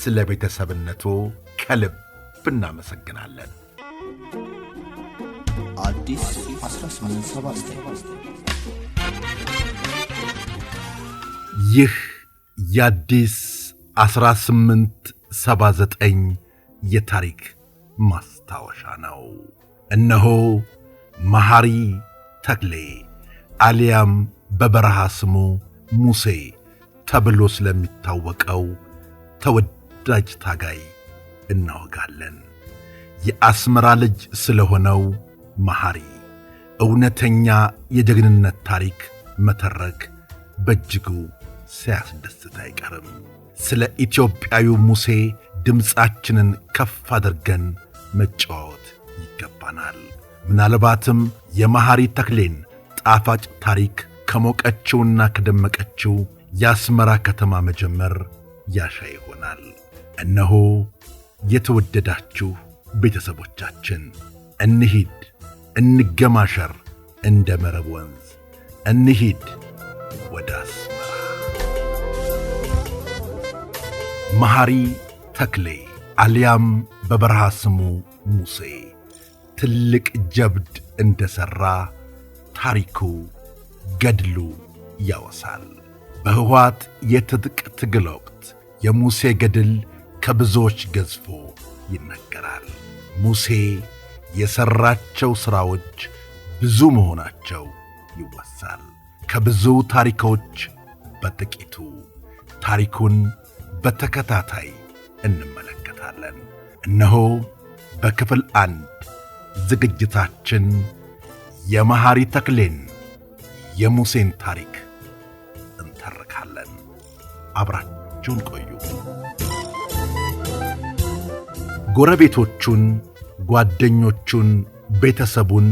ስለ ቤተሰብነቱ ከልብ እናመሰግናለን። ይህ የአዲስ 1879 የታሪክ ማስታወሻ ነው። እነሆ መሐሪ ተክሌ አሊያም በበረሃ ስሙ ሙሴ ተብሎ ስለሚታወቀው ተወድ ተወዳጅ ታጋይ እናወጋለን። የአስመራ ልጅ ስለሆነው መሐሪ እውነተኛ የጀግንነት ታሪክ መተረክ በእጅጉ ሳያስደስት አይቀርም። ስለ ኢትዮጵያዊ ሙሴ ድምፃችንን ከፍ አድርገን መጫወት ይገባናል። ምናልባትም የመሐሪ ተክሌን ጣፋጭ ታሪክ ከሞቀችውና ከደመቀችው የአስመራ ከተማ መጀመር ያሻ ይሆናል። እነሆ የተወደዳችሁ ቤተሰቦቻችን እንሂድ፣ እንገማሸር፣ እንደ መረብ ወንዝ እንሂድ ወደ አስመራ። መሐሪ ተክሌ አሊያም በበረሃ ስሙ ሙሴ ትልቅ ጀብድ እንደ ሠራ ታሪኩ ገድሉ ያወሳል። በሕወሓት የትጥቅ ትግል ወቅት የሙሴ ገድል ከብዙዎች ገዝፎ ይነገራል። ሙሴ የሠራቸው ሥራዎች ብዙ መሆናቸው ይወሳል። ከብዙ ታሪኮች በጥቂቱ ታሪኩን በተከታታይ እንመለከታለን። እነሆ በክፍል አንድ ዝግጅታችን የመሐሪ ተክሌን የሙሴን ታሪክ እንተርካለን። አብራችሁን ቆዩ። ጎረቤቶቹን፣ ጓደኞቹን፣ ቤተሰቡን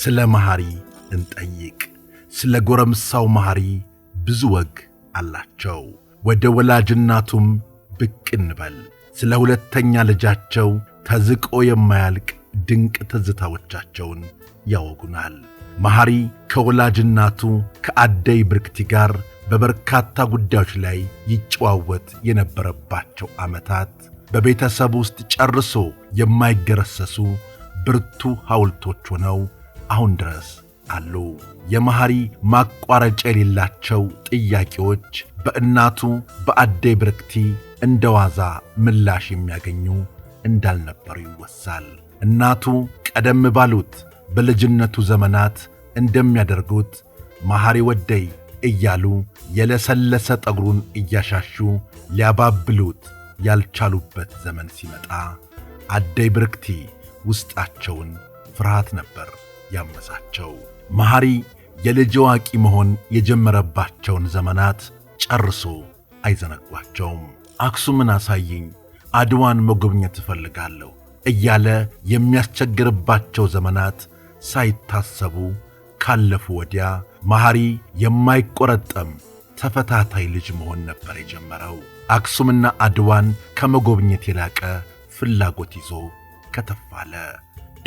ስለ መሐሪ እንጠይቅ። ስለ ጎረምሳው መሐሪ ብዙ ወግ አላቸው። ወደ ወላጅናቱም ብቅ እንበል። ስለ ሁለተኛ ልጃቸው ተዝቆ የማያልቅ ድንቅ ትዝታዎቻቸውን ያወጉናል። መሐሪ ከወላጅናቱ ከአደይ ብርክቲ ጋር በበርካታ ጉዳዮች ላይ ይጨዋወት የነበረባቸው ዓመታት በቤተሰብ ውስጥ ጨርሶ የማይገረሰሱ ብርቱ ሐውልቶች ሆነው አሁን ድረስ አሉ። የመሐሪ ማቋረጫ የሌላቸው ጥያቄዎች በእናቱ በአዴ ብርክቲ እንደ ዋዛ ምላሽ የሚያገኙ እንዳልነበሩ ይወሳል። እናቱ ቀደም ባሉት በልጅነቱ ዘመናት እንደሚያደርጉት መሐሪ ወደይ እያሉ የለሰለሰ ጠጉሩን እያሻሹ ሊያባብሉት ያልቻሉበት ዘመን ሲመጣ አደይ ብርክቲ ውስጣቸውን ፍርሃት ነበር ያመሳቸው። መሐሪ የልጅ አዋቂ መሆን የጀመረባቸውን ዘመናት ጨርሶ አይዘነጓቸውም። አክሱምን አሳይኝ፣ አድዋን መጎብኘት እፈልጋለሁ እያለ የሚያስቸግርባቸው ዘመናት ሳይታሰቡ ካለፉ ወዲያ መሐሪ የማይቆረጠም ተፈታታይ ልጅ መሆን ነበር የጀመረው። አክሱምና አድዋን ከመጎብኘት የላቀ ፍላጎት ይዞ ከተፋለ።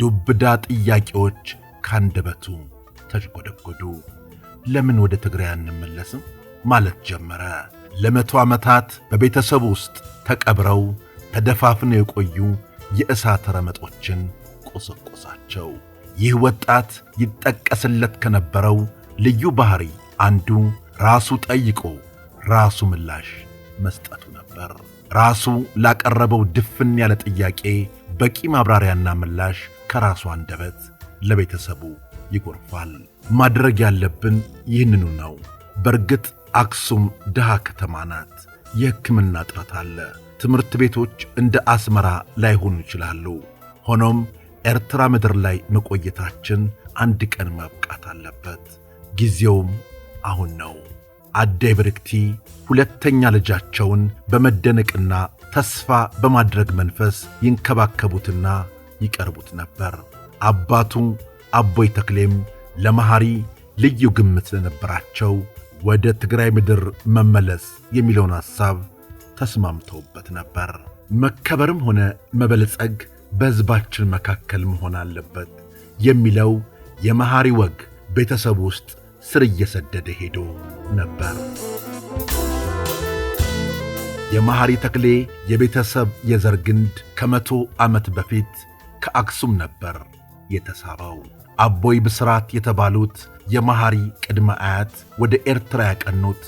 ዱብዳ ጥያቄዎች ካንደበቱ ተሽጎደጎዱ። ለምን ወደ ትግራይ አንመለስም ማለት ጀመረ። ለመቶ ዓመታት በቤተሰብ ውስጥ ተቀብረው ተደፋፍነው የቆዩ የእሳት ረመጦችን ቆሰቆሳቸው። ይህ ወጣት ይጠቀስለት ከነበረው ልዩ ባህሪ አንዱ ራሱ ጠይቆ ራሱ ምላሽ መስጠቱ ነበር። ራሱ ላቀረበው ድፍን ያለ ጥያቄ በቂ ማብራሪያና ምላሽ ከራሱ አንደበት ለቤተሰቡ ይጎርፋል። ማድረግ ያለብን ይህንኑ ነው። በእርግጥ አክሱም ድሃ ከተማ ናት። የሕክምና እጥረት አለ። ትምህርት ቤቶች እንደ አስመራ ላይሆኑ ይችላሉ። ሆኖም ኤርትራ ምድር ላይ መቆየታችን አንድ ቀን ማብቃት አለበት። ጊዜውም አሁን ነው። አዳይ ብርክቲ ሁለተኛ ልጃቸውን በመደነቅና ተስፋ በማድረግ መንፈስ ይንከባከቡትና ይቀርቡት ነበር። አባቱ አቦይ ተክሌም ለመሐሪ ልዩ ግምት ስለነበራቸው ወደ ትግራይ ምድር መመለስ የሚለውን ሐሳብ ተስማምተውበት ነበር። መከበርም ሆነ መበለጸግ በሕዝባችን መካከል መሆን አለበት የሚለው የመሐሪ ወግ ቤተሰብ ውስጥ ስር እየሰደደ ሄዶ ነበር። የመሐሪ ተክሌ የቤተሰብ የዘር ግንድ ከመቶ ዓመት በፊት ከአክሱም ነበር የተሳበው። አቦይ ብስራት የተባሉት የመሐሪ ቅድመ አያት ወደ ኤርትራ ያቀኑት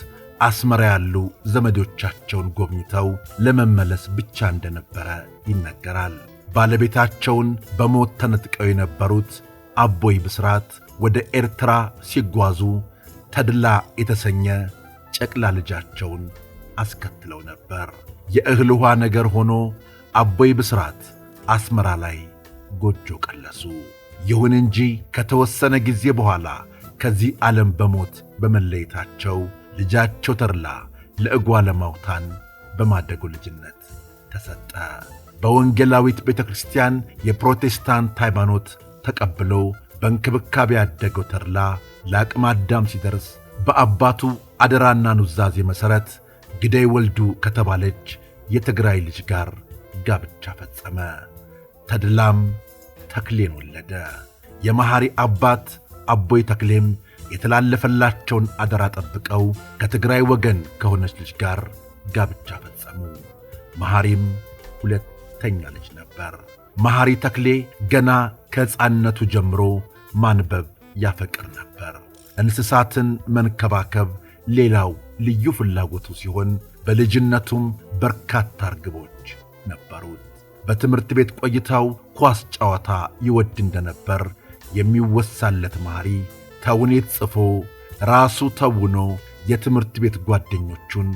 አስመራ ያሉ ዘመዶቻቸውን ጎብኝተው ለመመለስ ብቻ እንደነበረ ይነገራል። ባለቤታቸውን በሞት ተነጥቀው የነበሩት አቦይ ብስራት ወደ ኤርትራ ሲጓዙ ተድላ የተሰኘ ጨቅላ ልጃቸውን አስከትለው ነበር። የእህል ውኃ ነገር ሆኖ አቦይ ብስራት አስመራ ላይ ጎጆ ቀለሱ። ይሁን እንጂ ከተወሰነ ጊዜ በኋላ ከዚህ ዓለም በሞት በመለየታቸው ልጃቸው ተድላ ለእጓ ለማውታን በማደጎ ልጅነት ተሰጠ። በወንጌላዊት ቤተ ክርስቲያን የፕሮቴስታንት ሃይማኖት ተቀብለው በእንክብካቤ ያደገው ተድላ ለአቅመ አዳም ሲደርስ በአባቱ አደራና ኑዛዜ መሠረት ግዳይ ወልዱ ከተባለች የትግራይ ልጅ ጋር ጋብቻ ፈጸመ። ተድላም ተክሌን ወለደ። የመሐሪ አባት አቦይ ተክሌም የተላለፈላቸውን አደራ ጠብቀው ከትግራይ ወገን ከሆነች ልጅ ጋር ጋብቻ ፈጸሙ። መሐሪም ሁለተኛ ልጅ ነበር። መሐሪ ተክሌ ገና ከሕፃንነቱ ጀምሮ ማንበብ ያፈቅር ነበር። እንስሳትን መንከባከብ ሌላው ልዩ ፍላጎቱ ሲሆን በልጅነቱም በርካታ እርግቦች ነበሩት። በትምህርት ቤት ቆይታው ኳስ ጨዋታ ይወድ እንደነበር የሚወሳለት መሐሪ ተውኔት ጽፎ ራሱ ተውኖ የትምህርት ቤት ጓደኞቹን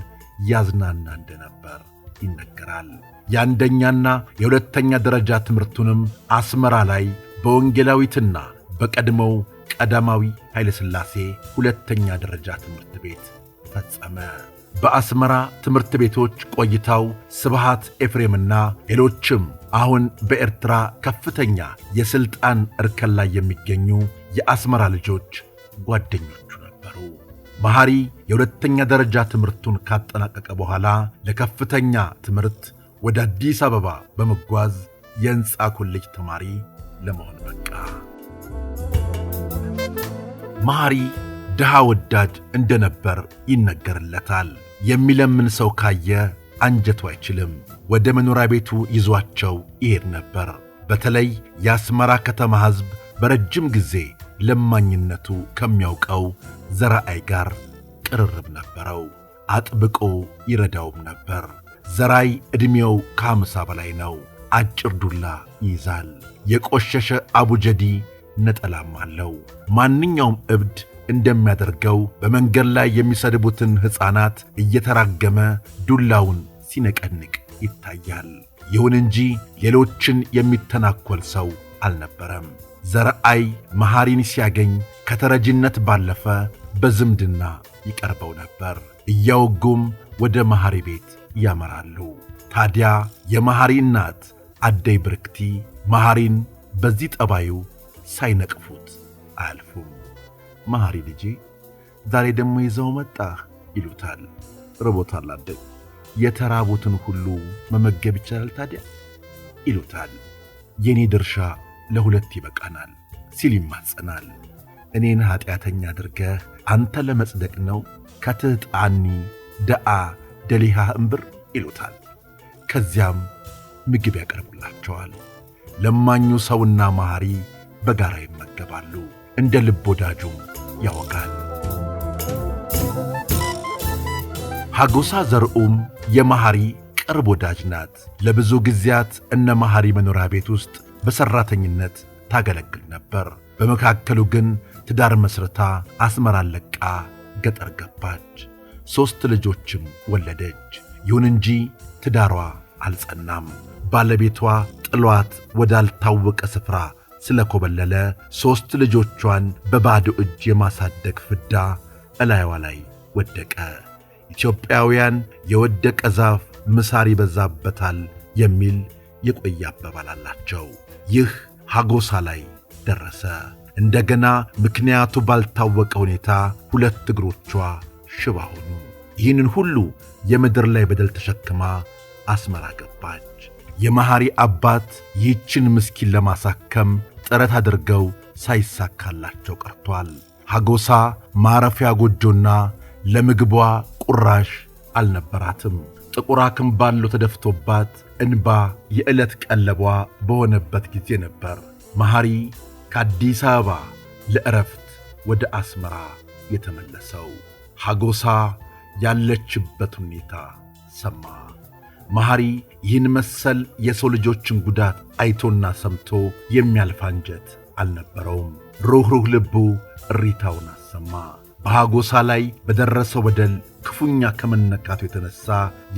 ያዝናና እንደነበር ይነገራል። የአንደኛና የሁለተኛ ደረጃ ትምህርቱንም አስመራ ላይ በወንጌላዊትና በቀድሞው ቀዳማዊ ኃይለሥላሴ ሁለተኛ ደረጃ ትምህርት ቤት ፈጸመ። በአስመራ ትምህርት ቤቶች ቆይታው ስብሃት ኤፍሬምና ሌሎችም አሁን በኤርትራ ከፍተኛ የሥልጣን እርከን ላይ የሚገኙ የአስመራ ልጆች ጓደኞቹ ነበሩ። መሐሪ የሁለተኛ ደረጃ ትምህርቱን ካጠናቀቀ በኋላ ለከፍተኛ ትምህርት ወደ አዲስ አበባ በመጓዝ የሕንፃ ኮሌጅ ተማሪ ለመሆን በቃ። መሐሪ ድሃ ወዳድ እንደነበር ይነገርለታል። የሚለምን ሰው ካየ አንጀቱ አይችልም። ወደ መኖሪያ ቤቱ ይዟቸው ይሄድ ነበር። በተለይ የአስመራ ከተማ ሕዝብ በረጅም ጊዜ ለማኝነቱ ከሚያውቀው ዘራአይ ጋር ቅርርብ ነበረው። አጥብቆ ይረዳውም ነበር። ዘራይ ዕድሜው ከአምሳ በላይ ነው። አጭር ዱላ ይይዛል። የቆሸሸ አቡጀዲ ነጠላም አለው። ማንኛውም እብድ እንደሚያደርገው በመንገድ ላይ የሚሰድቡትን ሕፃናት እየተራገመ ዱላውን ሲነቀንቅ ይታያል። ይሁን እንጂ ሌሎችን የሚተናኮል ሰው አልነበረም። ዘረአይ መሐሪን ሲያገኝ ከተረጅነት ባለፈ በዝምድና ይቀርበው ነበር። እያወጉም ወደ መሐሪ ቤት ያመራሉ። ታዲያ የመሐሪ እናት አደይ ብርክቲ መሐሪን በዚህ ጠባዩ ሳይነቅፉት አያልፉም። መሐሪ ልጄ ዛሬ ደግሞ ይዘው መጣህ ይሉታል። ርቦታል አደይ፣ የተራቡትን ሁሉ መመገብ ይቻላል ታዲያ ይሉታል። የእኔ ድርሻ ለሁለት ይበቃናል ሲል ይማጸናል። እኔን ኀጢአተኛ አድርገህ አንተ ለመጽደቅ ነው ከትህጣኒ ደአ ደሊሃ እምብር ይሉታል። ከዚያም ምግብ ያቀርቡላቸዋል። ለማኙ ሰውና መሐሪ በጋራ ይመገባሉ። እንደ ልብ ወዳጁም ያወጋል። ሐጎሳ ዘርኡም የመሐሪ ቅርብ ወዳጅ ናት። ለብዙ ጊዜያት እነ መሐሪ መኖሪያ ቤት ውስጥ በሠራተኝነት ታገለግል ነበር። በመካከሉ ግን ትዳር መስርታ አስመራን ለቃ ገጠር ገባች። ሦስት ልጆችም ወለደች። ይሁን እንጂ ትዳሯ አልጸናም። ባለቤቷ ጥሏት ወዳልታወቀ ስፍራ ስለኮበለለ ሦስት ልጆቿን በባዶ እጅ የማሳደግ ፍዳ እላይዋ ላይ ወደቀ። ኢትዮጵያውያን የወደቀ ዛፍ ምሳር ይበዛበታል የሚል የቆየ አባባል አላቸው። ይህ ሐጎሳ ላይ ደረሰ። እንደገና ምክንያቱ ባልታወቀ ሁኔታ ሁለት እግሮቿ ሽባ ሆኑ። ይህንን ሁሉ የምድር ላይ በደል ተሸክማ አስመራ ገባች። የመሐሪ አባት ይህችን ምስኪን ለማሳከም ጥረት አድርገው ሳይሳካላቸው ቀርቷል። ሐጎሳ ማረፊያ ጎጆና ለምግቧ ቁራሽ አልነበራትም። ጥቁር አክም ባለው ተደፍቶባት እንባ የዕለት ቀለቧ በሆነበት ጊዜ ነበር መሐሪ ከአዲስ አበባ ለዕረፍት ወደ አስመራ የተመለሰው። ሐጎሳ ያለችበት ሁኔታ ሰማ። መሐሪ ይህን መሰል የሰው ልጆችን ጉዳት አይቶና ሰምቶ የሚያልፍ አንጀት አልነበረውም። ሩኅሩኅ ልቡ እሪታውን አሰማ። በሐጎሳ ላይ በደረሰው በደል ክፉኛ ከመነካቱ የተነሣ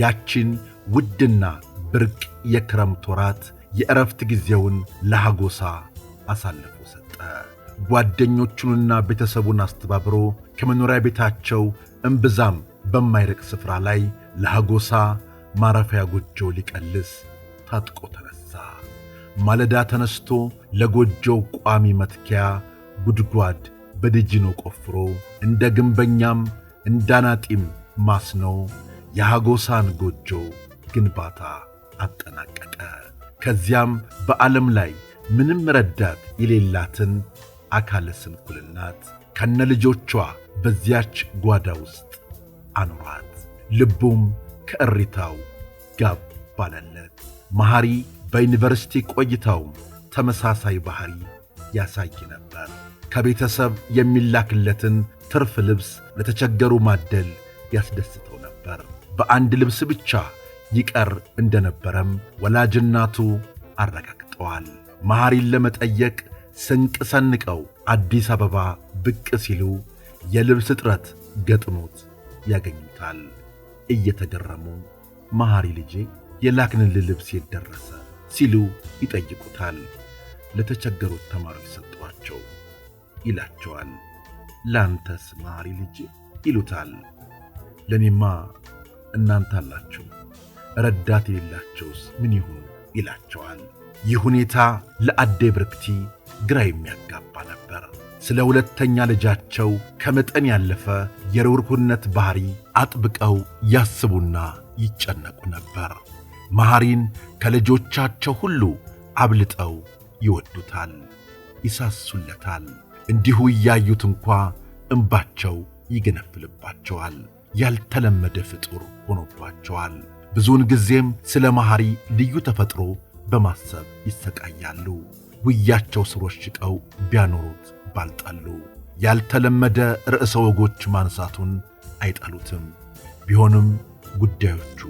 ያችን ውድና ብርቅ የክረምት ወራት የእረፍት ጊዜውን ለሐጎሳ አሳልፎ ሰጠ። ጓደኞቹንና ቤተሰቡን አስተባብሮ ከመኖሪያ ቤታቸው እምብዛም በማይርቅ ስፍራ ላይ ለሐጎሳ ማረፊያ ጎጆ ሊቀልስ ታጥቆ ተነሳ። ማለዳ ተነስቶ ለጎጆው ቋሚ መትኪያ ጉድጓድ በድጅኖ ቆፍሮ እንደ ግንበኛም እንዳናጢም ማስኖ የሐጎሳን ጎጆ ግንባታ አጠናቀቀ። ከዚያም በዓለም ላይ ምንም ረዳት የሌላትን አካለ ስንኩልናት ከነ ልጆቿ በዚያች ጓዳ ውስጥ አኖራት። ልቡም ከእሪታው ጋብ ባለለት። መሐሪ በዩኒቨርሲቲ ቆይታውም ተመሳሳይ ባህሪ ያሳይ ነበር። ከቤተሰብ የሚላክለትን ትርፍ ልብስ ለተቸገሩ ማደል ያስደስተው ነበር። በአንድ ልብስ ብቻ ይቀር እንደነበረም ወላጅናቱ አረጋግጠዋል። መሐሪን ለመጠየቅ ስንቅ ሰንቀው አዲስ አበባ ብቅ ሲሉ የልብስ እጥረት ገጥሞት ያገኙታል። እየተገረሙ መሐሪ ልጄ የላክንል ልብስ የት ደረሰ ሲሉ ይጠይቁታል። ለተቸገሩት ተማሪዎች ሰጠዋቸው ይላቸዋል። ላንተስ መሐሪ ልጄ ይሉታል። ለእኔማ እናንተ አላችሁ ረዳት የሌላቸውስ ምን ይሁን ይላቸዋል። ይህ ሁኔታ ለአዴ ብርክቲ ግራ የሚያጋባ ነበር። ስለ ሁለተኛ ልጃቸው ከመጠን ያለፈ የርኅሩህነት ባሕሪ አጥብቀው ያስቡና ይጨነቁ ነበር። መሐሪን ከልጆቻቸው ሁሉ አብልጠው ይወዱታል፣ ይሳሱለታል። እንዲሁ እያዩት እንኳ እንባቸው ይገነፍልባቸዋል። ያልተለመደ ፍጡር ሆኖባቸዋል። ብዙውን ጊዜም ስለ መሐሪ ልዩ ተፈጥሮ በማሰብ ይሰቃያሉ። ውያቸው ስሮች ሽቀው ቢያኖሩት ያባልጣሉ። ያልተለመደ ርዕሰ ወጎች ማንሳቱን አይጠሉትም። ቢሆንም ጉዳዮቹ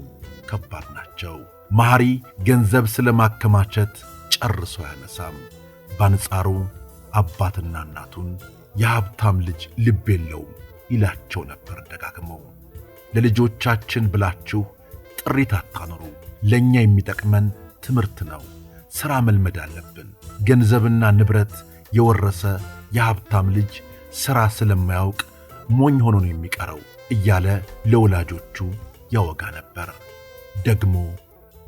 ከባድ ናቸው። መሐሪ ገንዘብ ስለ ማከማቸት ጨርሶ አያነሳም። በአንጻሩ አባትና እናቱን የሀብታም ልጅ ልብ የለውም ይላቸው ነበር ደጋግመው። ለልጆቻችን ብላችሁ ጥሪት አታኖሩ። ለእኛ የሚጠቅመን ትምህርት ነው። ሥራ መልመድ አለብን። ገንዘብና ንብረት የወረሰ የሀብታም ልጅ ሥራ ስለማያውቅ ሞኝ ሆኖ ነው የሚቀረው እያለ ለወላጆቹ ያወጋ ነበር። ደግሞ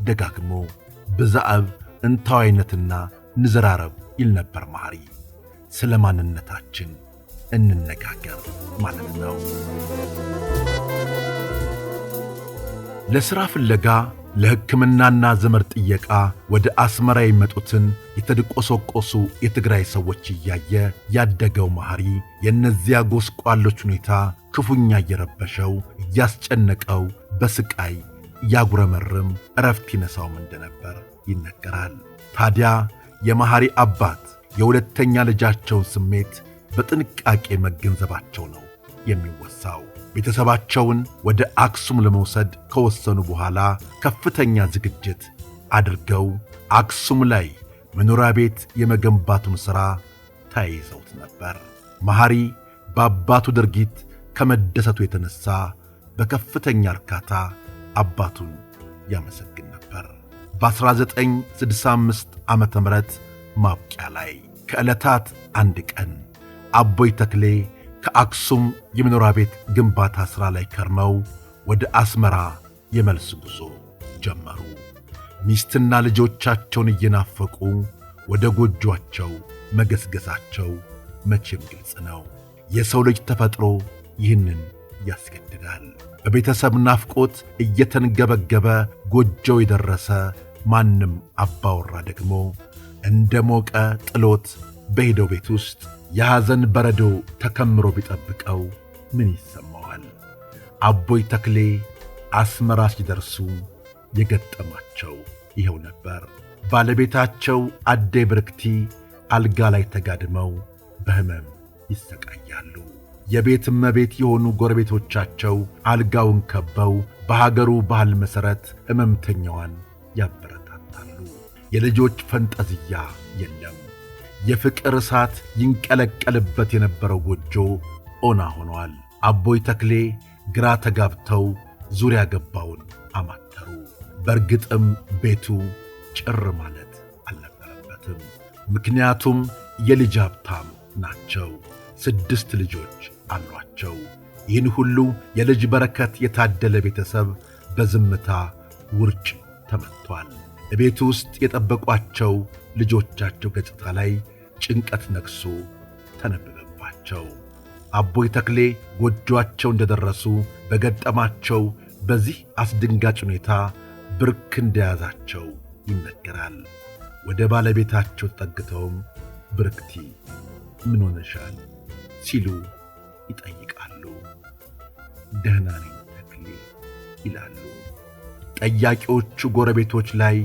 ደጋግሞ ብዛአብ እንታዋይነትና ንዘራረብ ይል ነበር መሐሪ። ስለ ማንነታችን እንነጋገር ማለት ነው። ለሥራ ፍለጋ ለሕክምናና ዘመድ ጥየቃ ወደ አስመራ የመጡትን የተድቆሰቆሱ የትግራይ ሰዎች እያየ ያደገው መሐሪ የእነዚያ ጎስቋሎች ሁኔታ ክፉኛ እየረበሸው እያስጨነቀው በስቃይ እያጉረመርም እረፍት ይነሳውም እንደነበር ይነገራል። ታዲያ የመሐሪ አባት የሁለተኛ ልጃቸውን ስሜት በጥንቃቄ መገንዘባቸው ነው የሚወሳው። ቤተሰባቸውን ወደ አክሱም ለመውሰድ ከወሰኑ በኋላ ከፍተኛ ዝግጅት አድርገው አክሱም ላይ መኖሪያ ቤት የመገንባቱን ሥራ ተያይዘውት ነበር። መሐሪ በአባቱ ድርጊት ከመደሰቱ የተነሣ በከፍተኛ እርካታ አባቱን ያመሰግን ነበር። በ1965 ዓ ም ማብቂያ ላይ ከዕለታት አንድ ቀን አቦይ ተክሌ ከአክሱም የመኖሪያ ቤት ግንባታ ሥራ ላይ ከርመው ወደ አስመራ የመልስ ጉዞ ጀመሩ። ሚስትና ልጆቻቸውን እየናፈቁ ወደ ጎጇቸው መገስገሳቸው መቼም ግልጽ ነው። የሰው ልጅ ተፈጥሮ ይህንን ያስገድዳል። በቤተሰብ ናፍቆት እየተንገበገበ ጎጆው የደረሰ ማንም አባወራ ደግሞ እንደ ሞቀ ጥሎት በሄደው ቤት ውስጥ የሐዘን በረዶ ተከምሮ ቢጠብቀው ምን ይሰማዋል? አቦይ ተክሌ አስመራ ሲደርሱ የገጠማቸው ይኸው ነበር። ባለቤታቸው አዴ ብርክቲ አልጋ ላይ ተጋድመው በሕመም ይሰቃያሉ። የቤት እመቤት የሆኑ ጎረቤቶቻቸው አልጋውን ከበው በሀገሩ ባህል መሠረት ሕመምተኛዋን ያበረታታሉ። የልጆች ፈንጠዝያ የለም። የፍቅር እሳት ይንቀለቀልበት የነበረው ጎጆ ኦና ሆኗል። አቦይ ተክሌ ግራ ተጋብተው ዙሪያ ገባውን አማተሩ። በእርግጥም ቤቱ ጭር ማለት አልነበረበትም። ምክንያቱም የልጅ ሀብታም ናቸው። ስድስት ልጆች አሏቸው። ይህን ሁሉ የልጅ በረከት የታደለ ቤተሰብ በዝምታ ውርጭ ተመቷል። ቤቱ ውስጥ የጠበቋቸው ልጆቻቸው ገጽታ ላይ ጭንቀት ነግሶ ተነበበባቸው። አቦይ ተክሌ ጎጆአቸው እንደደረሱ በገጠማቸው በዚህ አስደንጋጭ ሁኔታ ብርክ እንደያዛቸው ይነገራል። ወደ ባለቤታቸው ተጠግተውም ብርክቲ ምን ሆነሻል ሲሉ ይጠይቃሉ። ደህና ነኝ ተክሌ ይላሉ። ጠያቂዎቹ ጎረቤቶች ላይ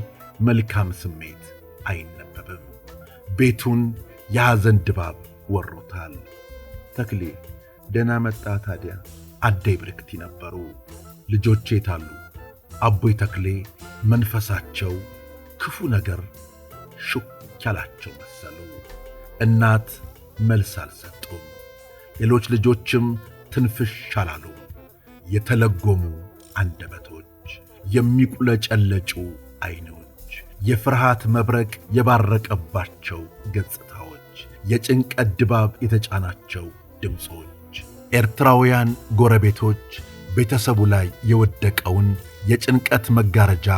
መልካም ስሜት አይነ ቤቱን የሐዘን ድባብ ወሮታል። ተክሌ ደና መጣ ታዲያ አደይ ብርክቲ ነበሩ። ልጆቼ የታሉ? አቦይ ተክሌ መንፈሳቸው ክፉ ነገር ሹክ ያላቸው መሰሉ። እናት መልስ አልሰጡም። ሌሎች ልጆችም ትንፍሽ አላሉ። የተለጎሙ አንደበቶች፣ የሚቁለጨለጩ ዓይኖች የፍርሃት መብረቅ የባረቀባቸው ገጽታዎች፣ የጭንቀት ድባብ የተጫናቸው ድምፆች፣ ኤርትራውያን ጎረቤቶች ቤተሰቡ ላይ የወደቀውን የጭንቀት መጋረጃ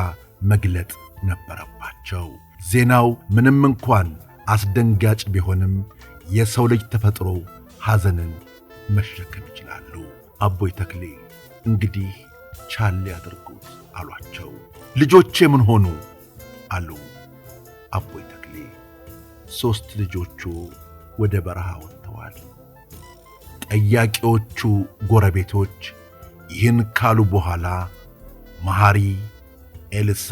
መግለጥ ነበረባቸው። ዜናው ምንም እንኳን አስደንጋጭ ቢሆንም የሰው ልጅ ተፈጥሮ ሐዘንን መሸከም ይችላሉ። አቦይ ተክሌ እንግዲህ ቻል ያድርጉት አሏቸው። ልጆቼ ምን ሆኑ? አሉ አቦይ ተክሌ። ሦስት ልጆቹ ወደ በረሃ ወጥተዋል። ጠያቂዎቹ ጎረቤቶች ይህን ካሉ በኋላ መሐሪ ኤልሳ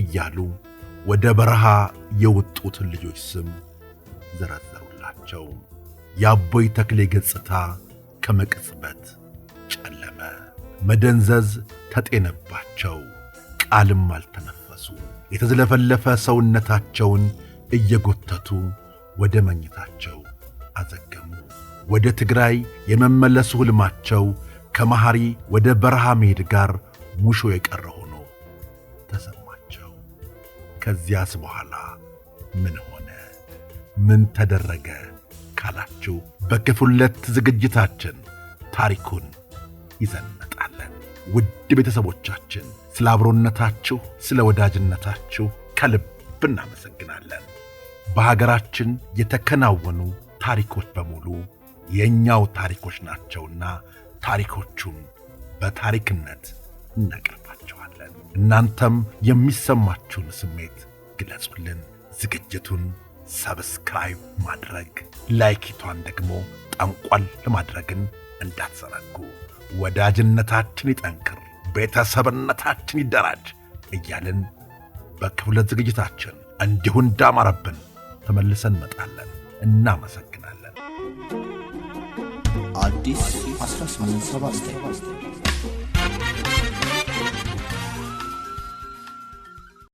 እያሉ ወደ በረሃ የወጡትን ልጆች ስም ዘረዘሩላቸው። የአቦይ ተክሌ ገጽታ ከመቅጽበት ጨለመ። መደንዘዝ ተጤነባቸው። ቃልም አልተነፈ የተዝለፈለፈ ሰውነታቸውን እየጎተቱ ወደ መኝታቸው አዘገሙ። ወደ ትግራይ የመመለሱ ሕልማቸው ከመሐሪ ወደ በረሃ መሄድ ጋር ሙሾ የቀረ ሆኖ ተሰማቸው። ከዚያስ በኋላ ምን ሆነ? ምን ተደረገ ካላችሁ በክፍል ሁለት ዝግጅታችን ታሪኩን ይዘንጣለን። ውድ ቤተሰቦቻችን ስለ አብሮነታችሁ፣ ስለ ወዳጅነታችሁ ከልብ እናመሰግናለን። በሀገራችን የተከናወኑ ታሪኮች በሙሉ የእኛው ታሪኮች ናቸውና ታሪኮቹን በታሪክነት እናቀርባቸዋለን። እናንተም የሚሰማችሁን ስሜት ግለጹልን። ዝግጅቱን ሰብስክራይብ ማድረግ ላይኪቷን ደግሞ ጠንቋል ለማድረግን እንዳትዘነጉ። ወዳጅነታችን ይጠንክር። ቤተሰብነታችን ይደራጅ እያልን በክፍለ ዝግጅታችን እንዲሁ እንዳማረብን ተመልሰን እንመጣለን። እናመሰግናለን። አዲስ 1879